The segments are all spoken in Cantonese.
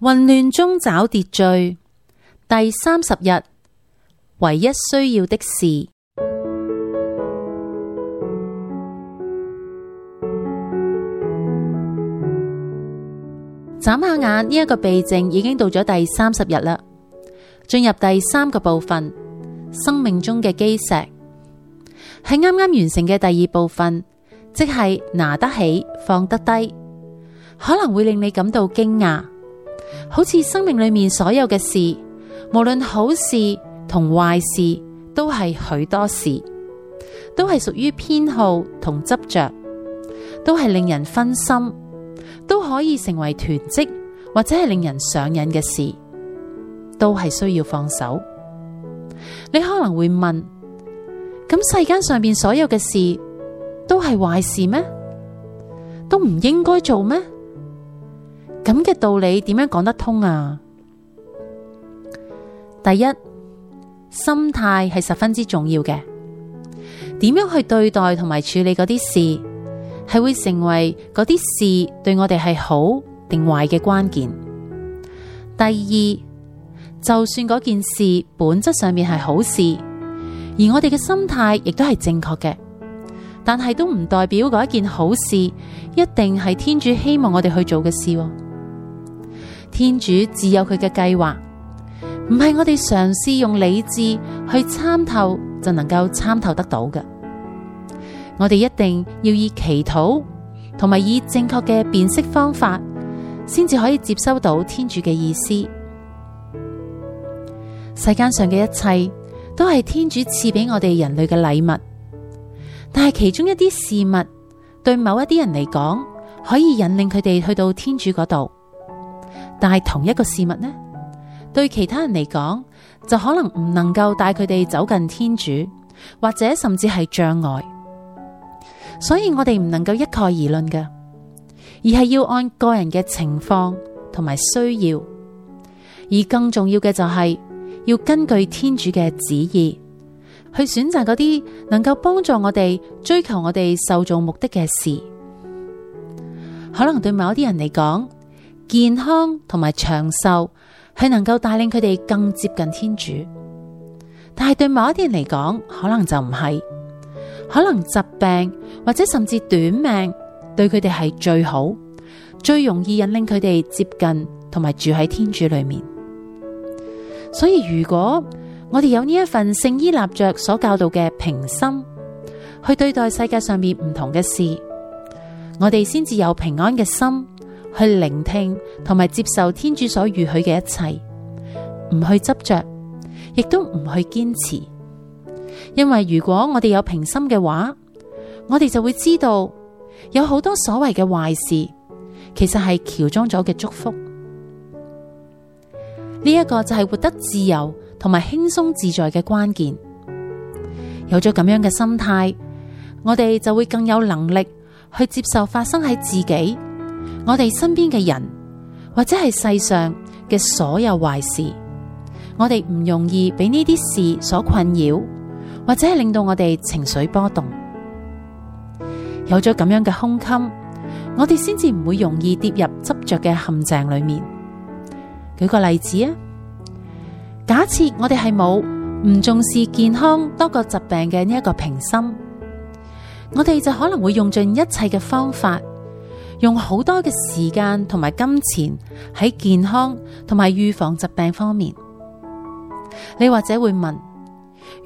混亂中找秩序，第三十日，唯一需要的事。眨下眼，呢一個避靜已經到咗第三十日啦。進入第三個部分，生命中嘅基石喺啱啱完成嘅第二部分，即係拿得起放得低，可能會令你感到驚訝。好似生命裏面所有嘅事，無論好事同壞事，都係許多事，都係屬於偏好同執着，都係令人分心，都可以成為囤積或者係令人上癮嘅事，都係需要放手。你可能會問：咁世間上面所有嘅事，都係壞事咩？都唔應該做咩？咁嘅道理點樣講得通啊？第一，心態係十分之重要嘅，點樣去對待同埋處理嗰啲事，係會成為嗰啲事對我哋係好定壞嘅關鍵。第二，就算嗰件事本質上面係好事，而我哋嘅心態亦都係正確嘅，但係都唔代表嗰一件好事一定係天主希望我哋去做嘅事。天主自有佢嘅計劃，唔係我哋嘗試用理智去參透就能夠參透得到嘅。我哋一定要以祈禱同埋以，以正確嘅辨識方法，先至可以接收到天主嘅意思。世間上嘅一切都係天主賜俾我哋人類嘅禮物，但係其中一啲事物，對某一啲人嚟講，可以引領佢哋去到天主嗰度。但係同一個事物呢，對其他人嚟講就可能唔能夠帶佢哋走近天主，或者甚至係障礙。所以我哋唔能夠一概而論嘅，而係要按個人嘅情況同埋需要，而更重要嘅就係要根據天主嘅旨意去選擇嗰啲能夠幫助我哋追求我哋受造目的嘅事。可能對某啲人嚟講，健康同埋長壽係能夠帶領佢哋更接近天主，但係對某一啲人嚟講，可能就唔係，可能疾病或者甚至短命對佢哋係最好，最容易引領佢哋接近同埋住喺天主裏面。所以如果我哋有呢一份聖依納爵所教導嘅平心去對待世界上面唔同嘅事，我哋先至有平安嘅心。去聆聽同埋接受天主所預許嘅一切，唔去執着，亦都唔去堅持。因為如果我哋有平心嘅話，我哋就會知道有好多所謂嘅壞事，其實係喬裝咗嘅祝福。呢、這、一個就係活得自由同埋輕鬆自在嘅關鍵。有咗咁樣嘅心態，我哋就會更有能力去接受發生喺自己。我哋身邊嘅人，或者係世上嘅所有壞事，我哋唔容易俾呢啲事所困擾，或者係令到我哋情緒波動。有咗咁樣嘅胸襟，我哋先至唔會容易跌入執着嘅陷阱裏面。舉個例子啊，假設我哋係冇唔重視健康多過疾病嘅呢一個平心，我哋就可能會用盡一切嘅方法。用好多嘅時間同埋金錢喺健康同埋預防疾病方面，你或者會問，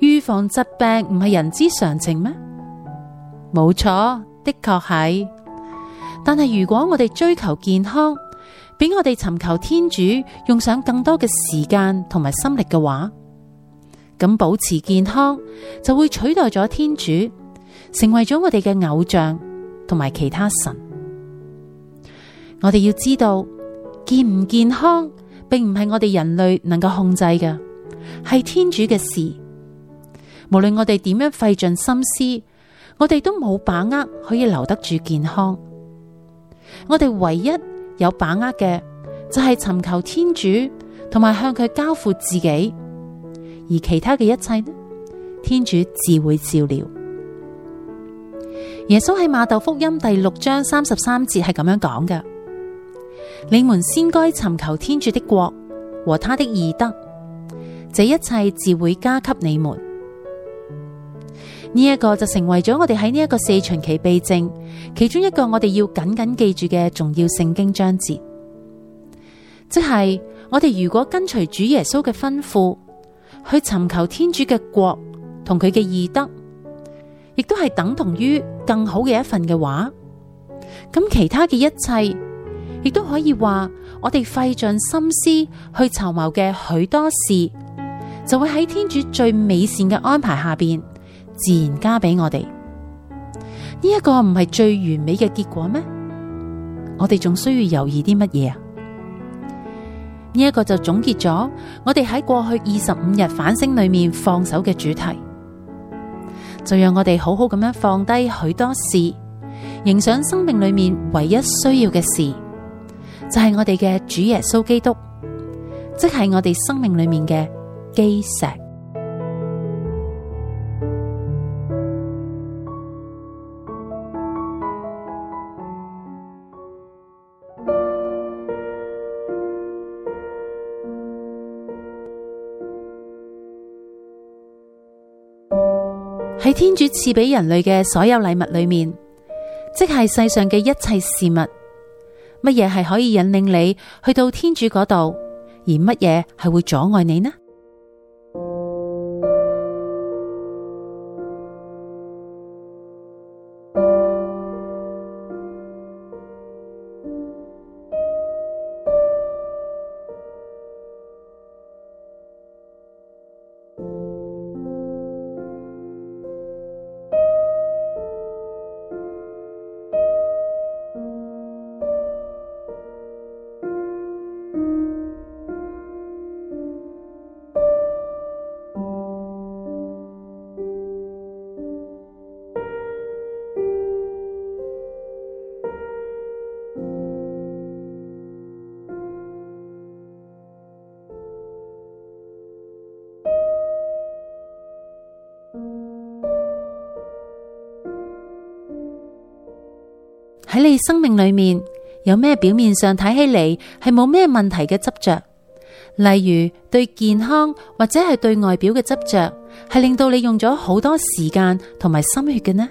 預防疾病唔係人之常情咩？冇錯，的確係。但係如果我哋追求健康，俾我哋尋求天主用上更多嘅時間同埋心力嘅話，咁保持健康就會取代咗天主，成為咗我哋嘅偶像同埋其他神。我哋要知道健唔健康，並唔係我哋人類能夠控制嘅，係天主嘅事。無論我哋點樣費盡心思，我哋都冇把握可以留得住健康。我哋唯一有把握嘅，就係、是、尋求天主，同埋向佢交付自己。而其他嘅一切呢？天主自會照料。耶穌喺馬竇福音第六章三十三節係咁樣講嘅。你們先該尋求天主的國和他的義德，這一切自會加給你們。呢、這、一個就成為咗我哋喺呢一個四旬期避靜其中一個我哋要緊緊記住嘅重要聖經章節，即係我哋如果跟隨主耶穌嘅吩咐去尋求天主嘅國同佢嘅義德，亦都係等同於更好嘅一份嘅話，咁其他嘅一切。亦都可以話，我哋費盡心思去籌謀嘅許多事，就會喺天主最美善嘅安排下邊自然加俾我哋。呢一個唔係最完美嘅結果咩？我哋仲需要猶豫啲乜嘢啊？呢、這、一個就總結咗我哋喺過去二十五日反省裏面放手嘅主題，就讓我哋好好咁樣放低許多事，迎上生命裏面唯一需要嘅事。就係我哋嘅主耶穌基督，即係我哋生命裏面嘅基石。喺天主賜俾人類嘅所有禮物裏面，即係世上嘅一切事物。乜嘢係可以引領你去到天主度，而乜嘢係會阻礙你呢？喺你生命裏面有咩表面上睇起嚟係冇咩問題嘅執着，例如對健康或者係對外表嘅執着，係令到你用咗好多時間同埋心血嘅呢？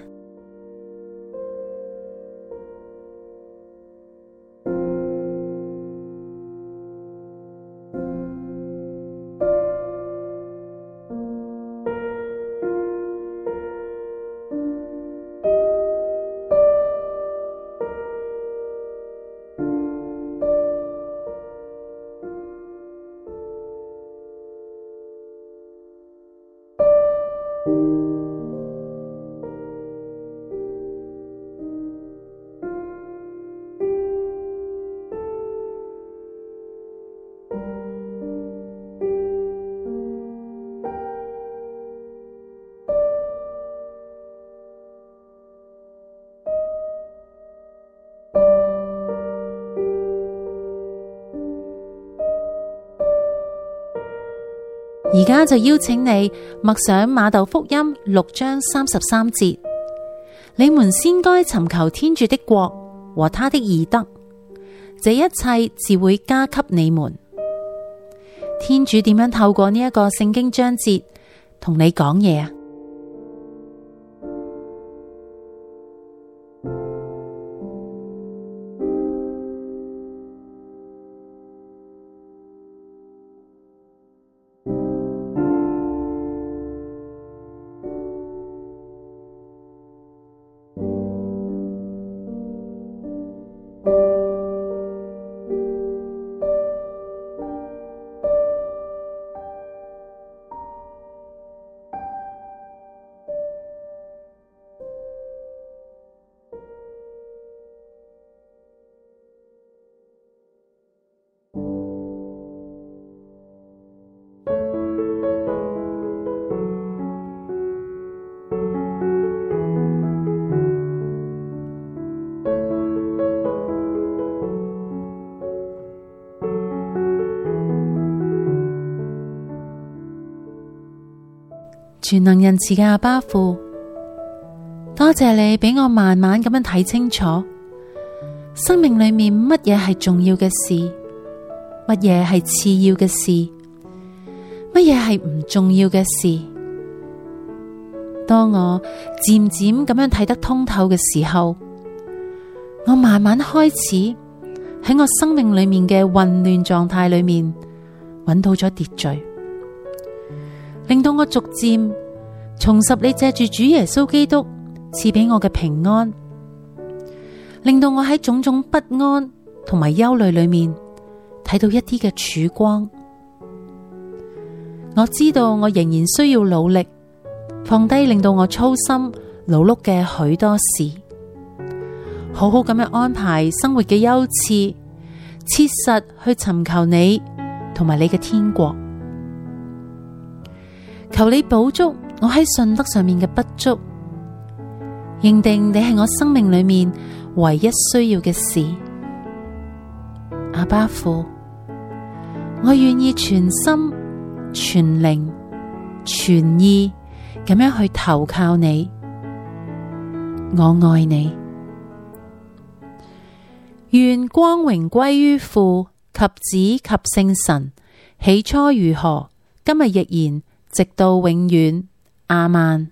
而家就邀請你默想瑪竇福音六章三十三節：你們先該尋求天主的國和他的義德，這一切自會加給你們。天主點樣透過呢一個聖經章節同你講嘢啊？全能仁慈嘅阿爸父，多謝你俾我慢慢咁樣睇清楚，生命裏面乜嘢係重要嘅事，乜嘢係次要嘅事，乜嘢係唔重要嘅事。當我漸漸咁樣睇得通透嘅時候，我慢慢開始喺我生命裏面嘅混亂狀態裏面，搵到咗秩序，令到我逐漸重拾你借住主耶穌基督賜俾我嘅平安，令到我喺種種不安同埋憂慮裏面，睇到一啲嘅曙光。我知道我仍然需要努力放低令到我操心勞碌嘅許多事，好好咁樣安排生活嘅優次，切實去尋求你同埋你嘅天國。求你補足。我喺信德上面嘅不足，認定你係我生命裏面唯一需要嘅事。阿爸父，我願意全心、全靈、全意咁樣去投靠你。我愛你！願光榮歸於父、及子、及聖神，起初如何，今日亦然，直到永遠，亞孟。